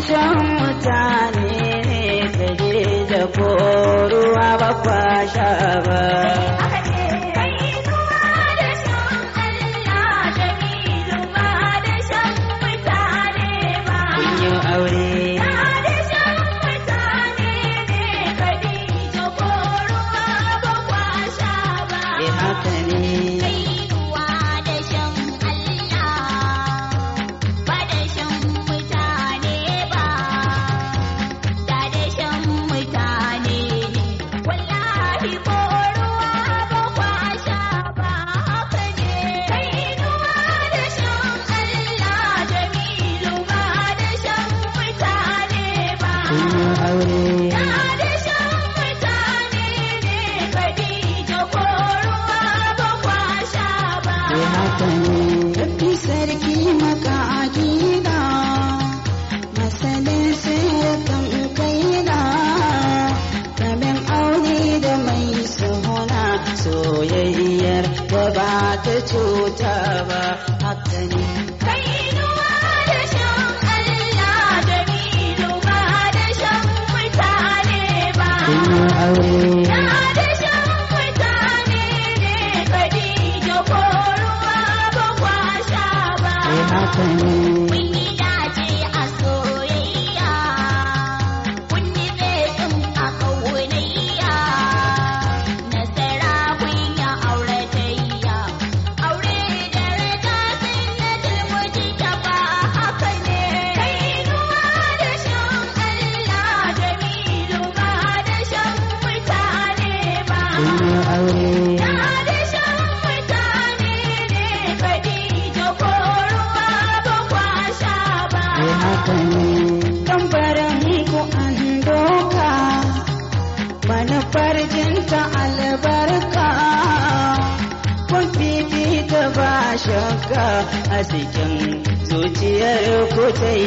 kashen mutane ne kaje da koruwa ba kwasha ba. Thank you.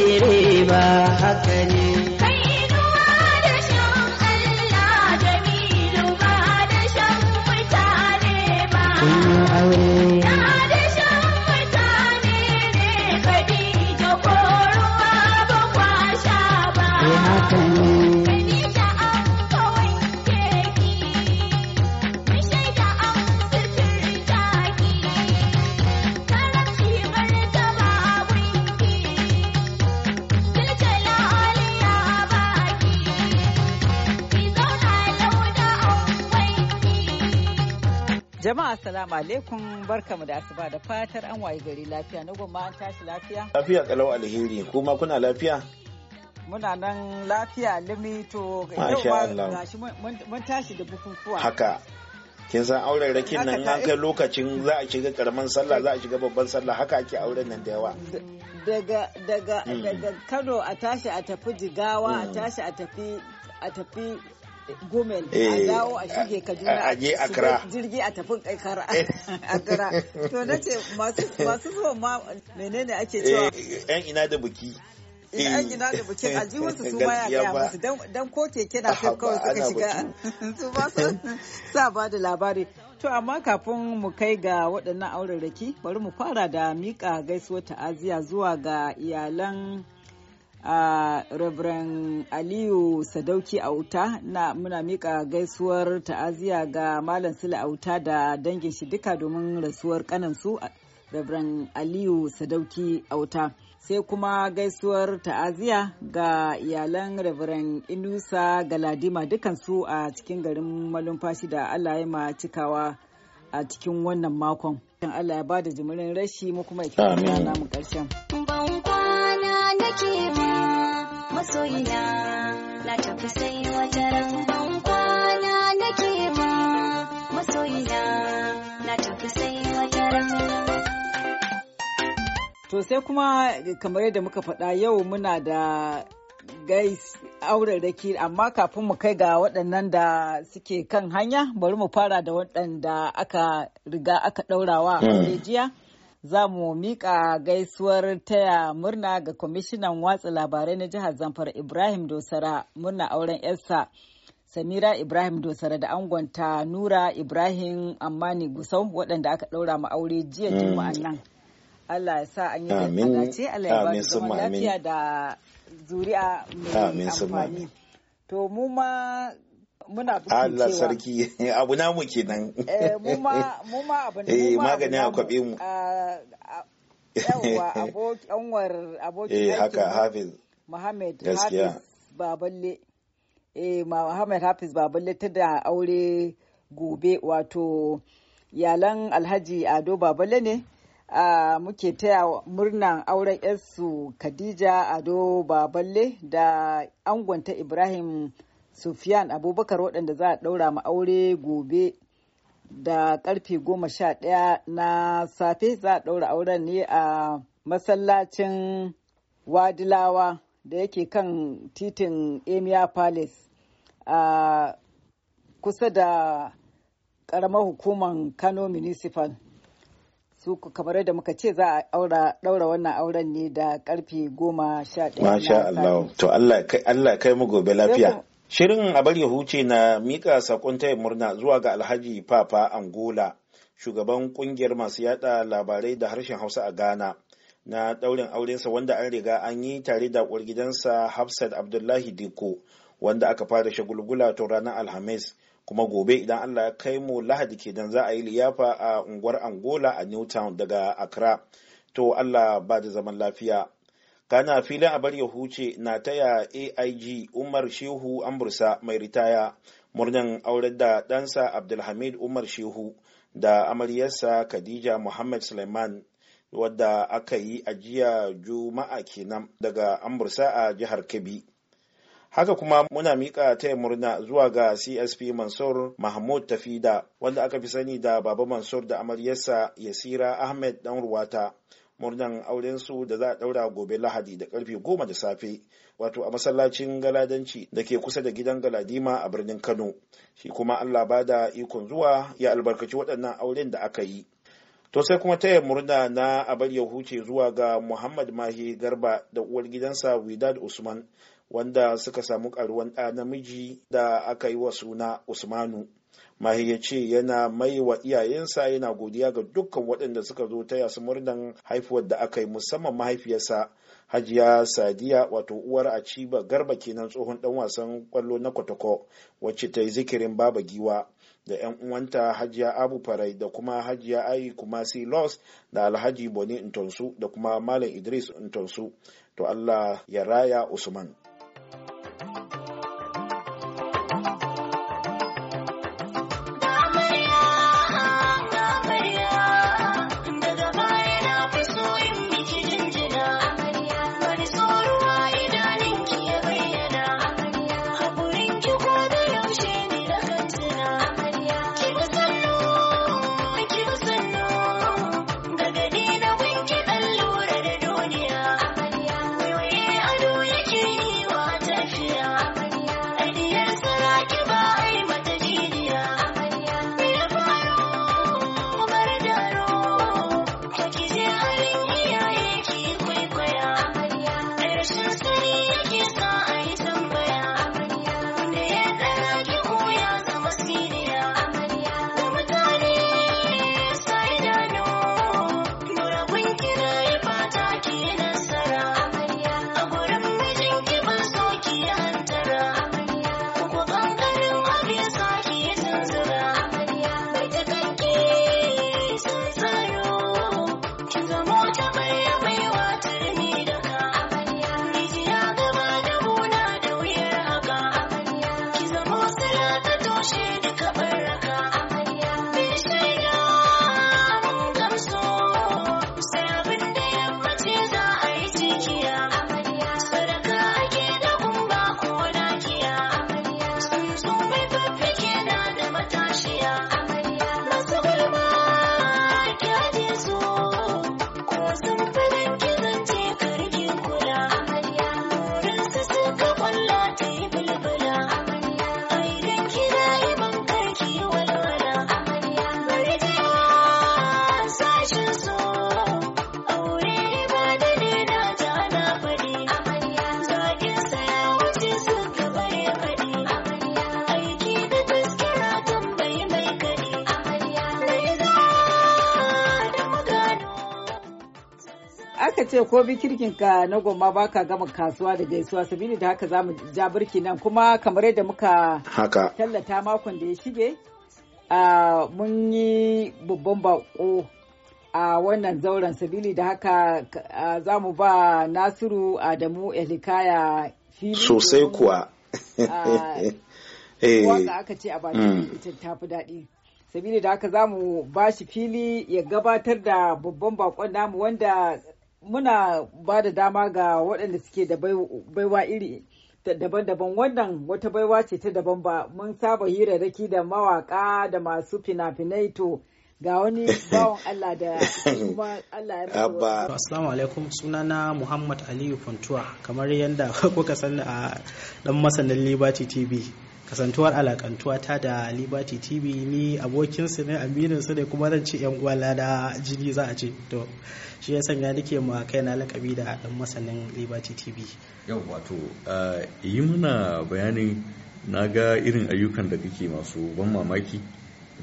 direba haka ne. Kai ruwa da shan Allah jami'in ba da shan ba. Jama'a salamu alaikum barkamu da asuba da fatar an wayi gari lafiya na goma an tashi lafiya. Lafiya kalau alheri kuma kuna lafiya? Muna nan lafiya limito yau mun tashi da bukukuwa. Haka kin san auren rakin nan an kai lokacin za a shiga karaman sallah za a shiga babban sallah haka ake auren nan da yawa. Daga hmm. daga Kano a tashi a tafi Jigawa a hmm. tashi a tafi a tafi gomel a eh, dawo a shige kaduna a je akra jirgi a tafi a kira eh. to na ce masu zuwa ma menene ake cewa eh, yan ina da buki ina da buki a ji wasu su ma ya gaya musu don ko keke na kai kawai suka shiga su ba su sa ba da labari to amma kafin mu kai ga waɗannan raki bari mu fara da miƙa gaisuwar ta'aziya zuwa ga iyalan a Reverend Aliyu Sadauki Auta na muna mika gaisuwar ta'aziya ga Malam Sule Auta da dangin shi duka domin rasuwar kanansu Reverend Aliyu Sadauki Auta. Sai kuma gaisuwar ta'aziya ga iyalan Reverend Inusa Galadima dukansu a cikin garin malumfashi da Allah ya cikawa a cikin wannan makon. Allah ya bada jimirin rashi mu kuma ya kira namu ƙarshen. masoyina na tafi sai wata ran ban kwana nake ma masoyina na tafi sai wata ran To sai kuma kamar yadda muka faɗa yau muna da gais auraraki amma kafin mu kai ga waɗannan da suke kan hanya bari mu fara da waɗanda aka riga aka ɗaurawa hmm. a jiya za mu mika gaisuwar taya murna ga kwamishinan watsa labarai na jihar zamfara ibrahim dosara murna auren yarsa samira ibrahim dosara da angonta nura ibrahim ammani gusau waɗanda aka ɗaura ma aure jiya mm. juma'an nan allah ya sa an yi allah ya ba lafiya da zuri'a mai amfani to mu ma muna Allah sarki abu na eh, mu kenan mu ma abu ne eh, maganin a kwabe mu ah, ah, yawwa abokin abokin eh, haka hafiz Muhammad Hafiz Baballe eh Muhammad Hafiz Baballe ta da aure gobe wato yalan Alhaji Ado Baballe ne Uh, muke taya murnan auren yarsu Khadija Ado Baballe da angonta Ibrahim Sufiyan Abubakar waɗanda za a ɗaura ma aure gobe da ƙarfe goma sha ɗaya na safe za a ɗaura auren ne a masallacin Wadilawa da yake kan titin Emia Palace a kusa da ƙaramar hukumar Kano Municipal. su kamar da muka ce za a ɗaura wannan auren ne da karfe goma sha ɗaya. Masha Allah, to Allah kai mu gobe lafiya. Shirin abar ya huce na mika sakon taya murna zuwa ga Alhaji Papa Angola, shugaban kungiyar masu yada labarai da harshen Hausa a Ghana, na daurin aurensa wanda an riga an yi tare da uwar gidansa Hafsat Abdullahi Diko, wanda aka fara shagulgula ta ranar Alhamis, kuma gobe idan Allah ya kai mu Lahadi kenan za a yi liyafa a unguwar Angola a town daga Accra. To Allah ba da zaman lafiya. kana filin abar ya huce na taya aig umar shehu ambursa mai ritaya murnan aurar da ɗansa abdulhamid umar shehu da amaryarsa khadija muhammad suleiman wadda aka yi a jiya juma'a kenan daga amursa a jihar kebbi haka kuma muna miƙa taya murna zuwa ga csp mansur mahmud tafida wanda aka fi sani da baba mansur da amaryarsa yasira ahmed dan ruwata murnan auren su da za a daura gobe lahadi da karfe goma da safe wato a masallacin galadanci da ke kusa da gidan galadima a birnin kano shi kuma allah ba da ikon zuwa ya albarkaci waɗannan auren da aka yi to sai kuma taya murna na abar ya huce zuwa ga muhammad mahi garba da uwar gidansa widad usman wanda suka samu karuwan ɗa namiji da aka yi wa suna usmanu mahi yana mai wa iyayensa yana godiya ga dukkan waɗanda suka zo taya su murnan haifuwar da aka yi musamman mahaifiyarsa hajiya sadiya wato uwar a ciba garba kenan tsohon dan wasan kwallo na kwatako wacce ta yi zikirin baba giwa da 'yan uwanta hajiya abu farai da kuma hajiya ayi kuma los da alhaji boni intonsu da kuma malam idris intonsu to allah ya raya usman aka ce ko ka na goma baka gama kasuwa da gaisuwa sabili da haka zamu ja birki nan kuma kamar yadda muka haka tallata makon da ya shige mun yi babban bako a wannan zauren sabili da haka za mu ba nasiru adamu elikaya fili sosai kuwa eh. wanda aka ce a bakin mm. tafi daɗi sabili da haka za mu ba shi fili ya gabatar da babban bakon namu wanda muna ba da dama ga waɗanda suke da baiwa iri daban-daban wannan wata baiwa ce ta daban ba mun saba raki da mawaka da masu fina-finai to ga wani bawon Allah da kuma Allah ya Abba. Assalamu alaikum sunana Muhammad Aliyu Funtuwa kamar yadda kuka sani a dan masanin Liberty TV. kasantuwar alakantuwa ta da liberty tv ni abokinsu ne amininsu ne kuma zan ce yan gwala da jini za a ce to shi ya sanya nake ma kaina lakabi da dan masanin liberty tv yau wato eh, yi muna bayanin na ga irin ayyukan da kake masu ban mamaki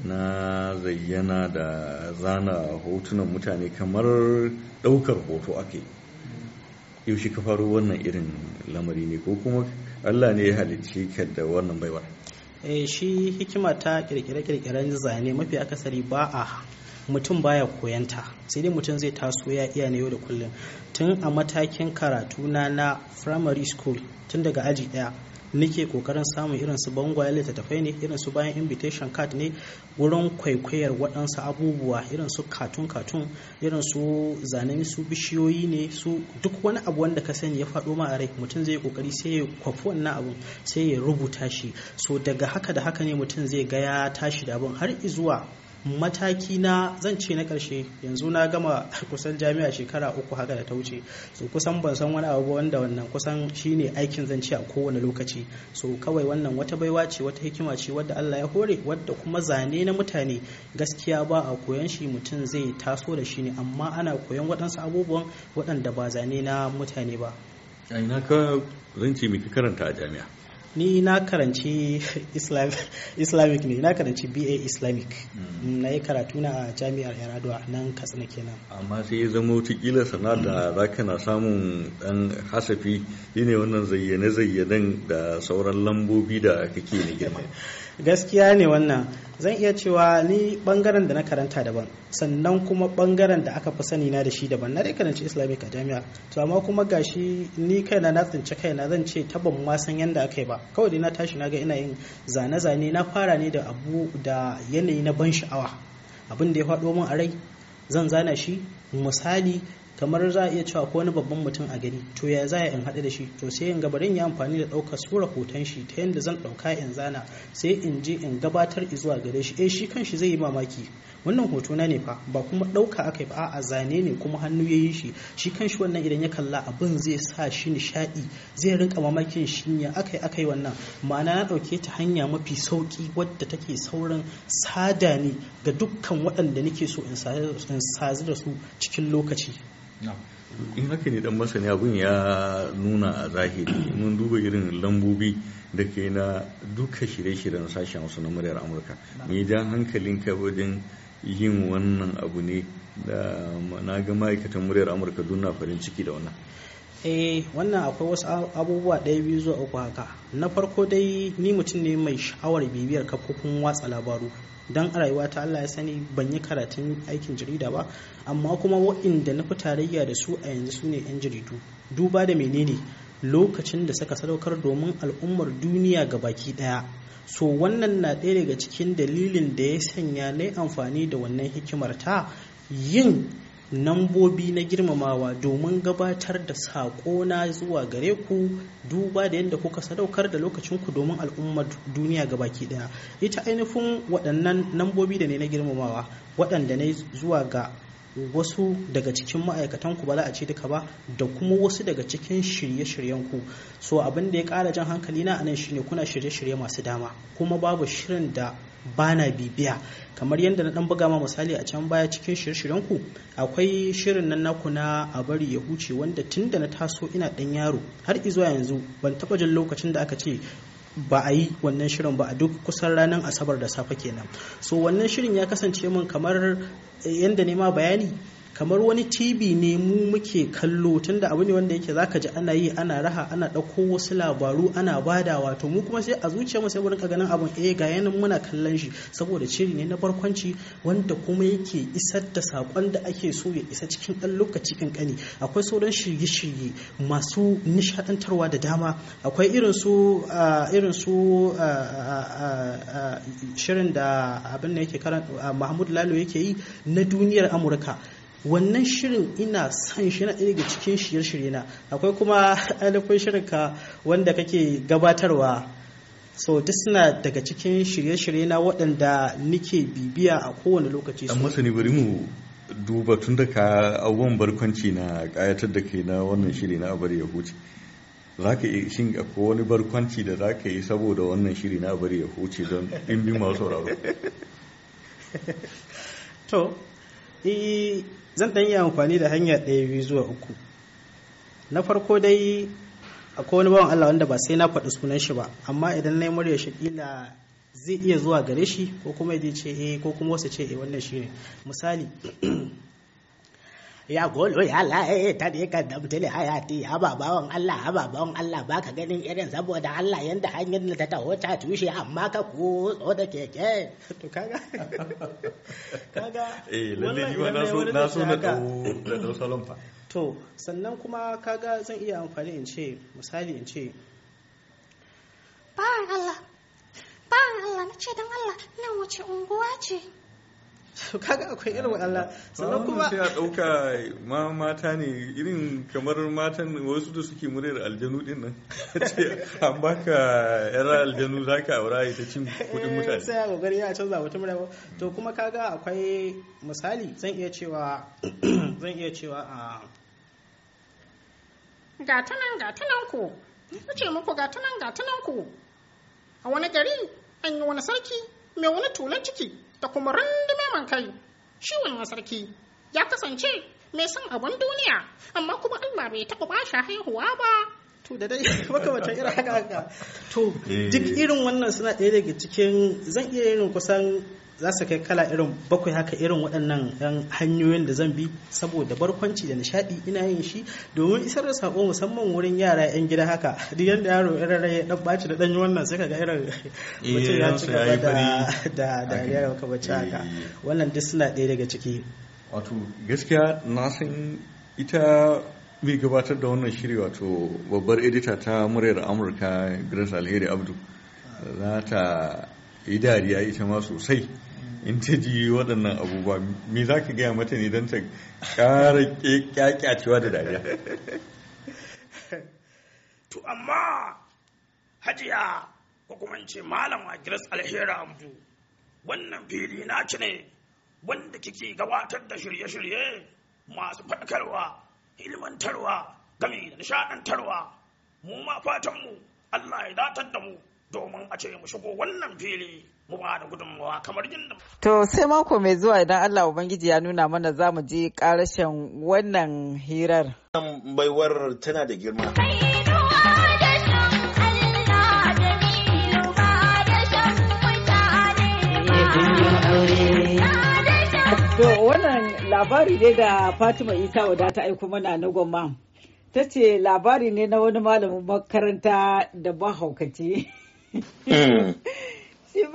na zayyana da zana hotunan mutane kamar ɗaukar hoto ake yaushe ka faru wannan irin lamari ne ko kuma Allah ne ya halicci ka da wannan baiwar eh shi hikima ta kirkire-kirkiren zane mafi akasari ba a mutum baya koyanta sai dai mutum zai taso ya iya na yau da kullum tun a matakin karatu na na primary school tun daga aji daya nike kokarin samun irin su bangwaye littattafai ne irin su bayan invitation card ne wurin kwaikwayar waɗansu abubuwa irin su katun katun irin su zanen su bishiyoyi ne su duk wani abu wanda ka sani ya faɗo ma a rai mutum zai kokari sai ya kwafi wannan abun sai ya rubuta shi so daga haka da haka ne mutum zai gaya tashi da abun har izuwa mataki na zan ce na karshe yanzu na gama kusan jami'a shekara uku haka da ta wuce so kusan ban san wani abu wanda wannan kusan shine aikin zan ce a kowane lokaci so kawai wannan wata baiwa ce wata hikima ce wadda Allah ya hore wadda kuma zane na mutane gaskiya ba a koyan shi mutum zai taso da shi ne amma ana koyan waɗansu abubuwan waɗanda ba zane na mutane ba a ina ka zan ce mai karanta a jami'a ni na karanci islamic ne na karanci ba islamic hmm. na yi karatu na a jami'ar yaraduwa nan katsina kenan amma sai ya zama watakila sana da hmm. za ka na samun dan hasafi ne wannan zayyane-zayyanen da sauran lambobi da kake ne girma gaskiya ne wannan zan iya cewa ni bangaren da na karanta daban sannan kuma bangaren da aka fi sani na da shi daban na dai karanci islamic a jami'a to amma kuma gashi ni kaina na tsinci kaina zan ce ta ban ma san yanda aka yi ba kawai na tashi na ga ina yin zane-zane na fara ne da abu da yanayi na ban sha'awa abin da ya faɗo min a rai zan zana shi misali kamar za a iya cewa ko wani babban mutum a gari to ya za a in haɗu da shi to sai in gabar yin amfani da ɗaukar sura hoton shi ta yadda zan ɗauka in zana sai in je in gabatar zuwa gare shi eh shi kanshi zai yi mamaki wannan hoto na ne fa ba kuma ɗauka aka yi ba a'a zane ne kuma hannu ya yi shi shi kanshi wannan idan ya kalla abin zai sa shi nishaɗi zai rinka mamakin shi ya aka yi wannan ma'ana na ɗauke ta hanya mafi sauƙi wadda take saurin sada ne ga dukkan waɗanda nake so in sazu da su cikin lokaci in haka ne dan masani abun ya nuna a zahiri mun duba irin lambobi da ke na duka shirye-shiryen sashen wasu na muryar amurka mai jan hankalin kai yin wannan abu ne da na ga ma'aikatan muryar amurka duna farin ciki da wannan eh wannan akwai wasu abubuwa ɗaya biyu zuwa uku haka na farko dai ni mutum ne mai sha'awar bibiyar kafofin watsa labaru don a rayuwa ta Allah ya sani ban yi karatun aikin jarida ba amma kuma waɗanda na fi tarayya da su a yanzu su ne 'yan jaridu duba da menene lokacin da suka sadaukar domin al'ummar duniya ga baki ɗaya so wannan na ɗaya daga cikin dalilin da ya sanya na amfani da wannan hikimar ta yin nambobi na girmamawa domin gabatar da saƙo na zuwa gare ku duba da yadda kuka sadaukar da lokacin ku domin al'ummar duniya ga baki ɗaya ita ainihin waɗannan nambobi da ne na girmamawa waɗanda ne zuwa ga wasu daga cikin ma'aikatanku ba za a ce duka ba da kuma wasu daga cikin shirye shiryen ku. so abin da ya ƙara jan hankali na a anan shine kuna shirye-shirye masu dama kuma babu shirin da bana bibiya kamar yadda na dan buga ma misali a can baya cikin shirye-shiryen ku akwai shirin nan naku na a bari ya huce wanda tun da na taso ina dan yaro har izuwa yanzu ban taba jin lokacin da aka ce ba a yi wannan shirin ba a duk kusan ranar asabar da safe kenan so wannan shirin ya kasance min kamar yadda nema bayani kamar wani tv ne mu muke kallo tunda abu ne wanda yake zaka ji ana yi ana raha ana ɗauko wasu labaru ana bada wato mu kuma sai a zuciyarmu sai mu ganin abun eh ga yanan muna kallon shi saboda ciri ne na barkwanci wanda kuma yake isar da sakon da ake so ya isa cikin ɗan lokaci kankani akwai sauran shirye-shirye masu nishadantarwa da dama akwai irin su ah, irin su ah, ah, shirin da abin da yake karanta mahmud lalo yake yi na duniyar amurka wannan shirin ina son shi na daga cikin shirye-shirye na akwai kuma alifin shirinka wanda kake gabatarwa so duk suna daga cikin shirye-shirye na waɗanda nike bibiya a kowane lokaci su masani bari mu duba tun da ka abubuwan barkwanci na ƙayatar da ke na wannan shiri na abar ya huce za ka shin akwai wani barkwanci da za ka yi saboda wannan shiri na abar ya huce don ɗimbin masu sauraro to zan ɗan yi amfani da hanya ɗaya biyu zuwa uku na farko dai akwai wani bawan Allah wanda ba sai na faɗi sunan shi ba amma idan na yi murya shi ƙila zai iya zuwa gare shi ko kuma ya ce eh ko kuma wasu ce eh wannan shi ne misali ya golo ya laye ta ne kan damtali hayati ya babawan Allah ya babawan Allah ba ka ganin irin saboda Allah yadda hanyar da ta taho ta tushe amma ka ku tso da keke to kaga kaga eh lalle ni na so na so na da da salon fa to sannan kuma kaga zan iya amfani in ce misali in ce ba Allah ba Allah na ce dan Allah nan wace unguwa ce so kaga akwai irin waɗannan sannan kuma sai a ɗauka ma mata ne irin kamar matan wasu da suke muryar aljanu din nan ce an baka yar aljanu za ka aura ta cin kuɗin mutane eh, sai a gogari ya canza mutum rawa to kuma kaga akwai misali zan iya cewa zan iya cewa a ga ta nan ga ta nan ce muku ga ta ga ku a wani gari an yi wani sarki mai wani tulun ciki da kuma rundume man kai shi wannan sarki ya kasance mai son abin duniya amma kuma Allah bai taɓa ba shi haihuwa ba to da dai makamacin irin haka haka to eh. duk irin wannan suna ɗaya daga cikin zan iya yin kusan za su kai kala irin bakwai haka irin waɗannan yan hanyoyin da zan bi saboda barkwanci da nishaɗi ina yin shi domin isar da sako musamman wurin yara yan gida haka duk yanda yaro irin rai ya dan baci da dan wannan sai kaga irin mutum ya eh, ci gaba da da da yaro ka bace haka eh. wannan duk suna ɗaya daga ciki wato gaskiya na san ita mai gabatar da wannan shiri wato babbar edita ta muryar amurka grace alheri abdu za ta yi dariya ita ma sosai in ta ji waɗannan abubuwa me za ka gaya mata ne don ta ƙara ƙyaƙyacewa da dariya to amma hajiya ko kuma in ce malam alhera ambu wannan fili na ci ne wanda kike gabatar da shirye-shirye masu faɗakarwa ilmantarwa game da nishaɗantarwa mu ma fatanmu Allah ya datar da mu domin a ce mu shigo wannan fili mu ba da gudunmawa kamar yadda. To sai mako mai zuwa idan Allah Ubangiji ya nuna mana za mu je karashen wannan hirar. Baiwar tana da girma. To wannan labari ne da Fatima Isa wadata aiko mana na gwamma. ta ce labari ne na wani malamin makaranta da ba haukace shi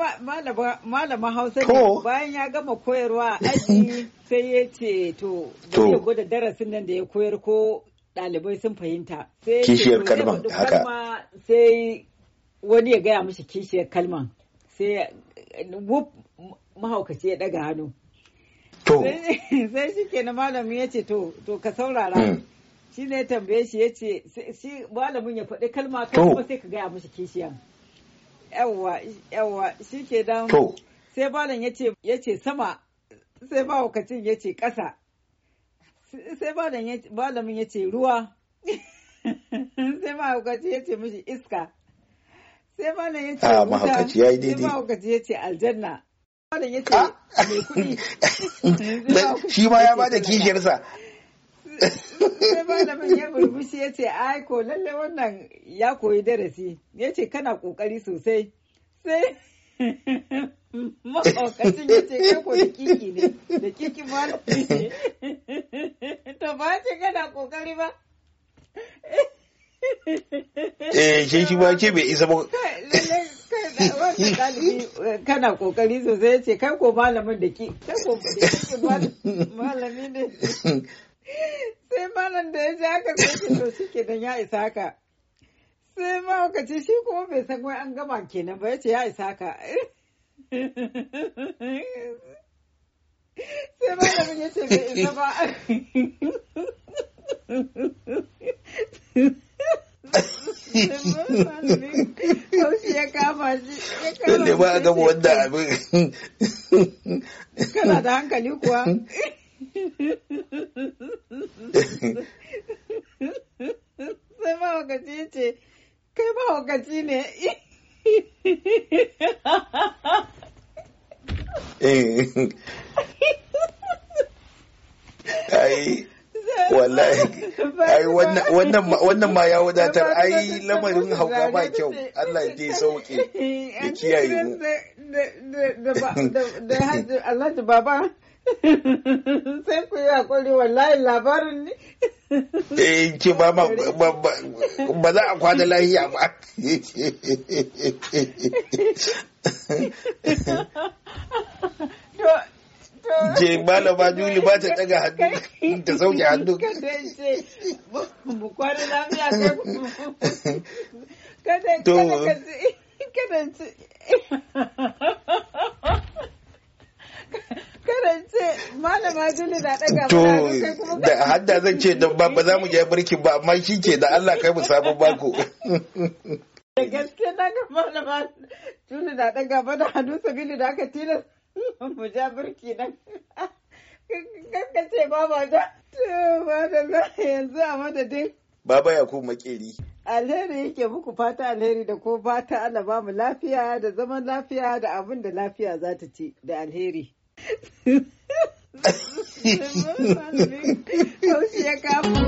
malama hausa ne bayan ya gama koyarwa aji sai ya ce to ya gwada darasin nan da ya koyar ko ɗalibai sun fahimta kishiyar kalman haka sai wani ya gaya mishi kishiyar kalman sai wup mahaukaci ya daga hannu to sai shi ke na malami ya ce to ka saurara hmm. shi ne tambaye shi ya ce shi malamin ya faɗi kalma kai kuma sai ka gaya mishi kishiyar yawwa yawwa shike dan to sai balan yace yace sama sai bawo kacin yace kasa sai balan balamin yace ruwa sai ba mahaukaci yace mishi iska sai balan ya ce mahaukaci ya yi daidai sai mahaukaci ya ce aljanna balan ya ce mai kuɗi shi ma ya bada kishiyarsa sai malamin ya burbushi ya ce ai ko lalle wannan ya koyi darasi ya ce kana kokari sosai sai mahaukacin ya ce kai da kiki ne da kiki malami ne to ba ce kana kokari ba eh shi shi ba ke bai isa ba eh, kana kokari sosai ya ce kai ko malamin da ki kai ko malami ne sai malam da ya ji haka sai ke to shi kenan ya isa ka sai ma ce shi kuma bai san wai an gama kenan ba ya ce ya isa ka sai malamin ya ce bai isa ba a gama wanda abin. Kana da hankali kuwa? sai mahaukaci ce kai mahaukaci ne wannan ma ya wadatar ai lamarin hauka ba kyau Allah ya sauke ya kiyaye mu alhaji baba sai ku yi hakuri wallahi labarin ne eh ki ba ma ba za a kwana lahiya ba je ba juli ba ta daga hannu ta sauke hannu kada kada malama jini na to da hadda zan ce da ba za Allah kai gaske na ga malama jini na daga ba da hannu da aka tilas mu ja birki nan kankace ba a madadin baba ya ko makeri alheri yake muku fata alheri da ko fata Allah ba mu lafiya da zaman lafiya da abin da lafiya za ta ci da alheri Você não sabe como chegar.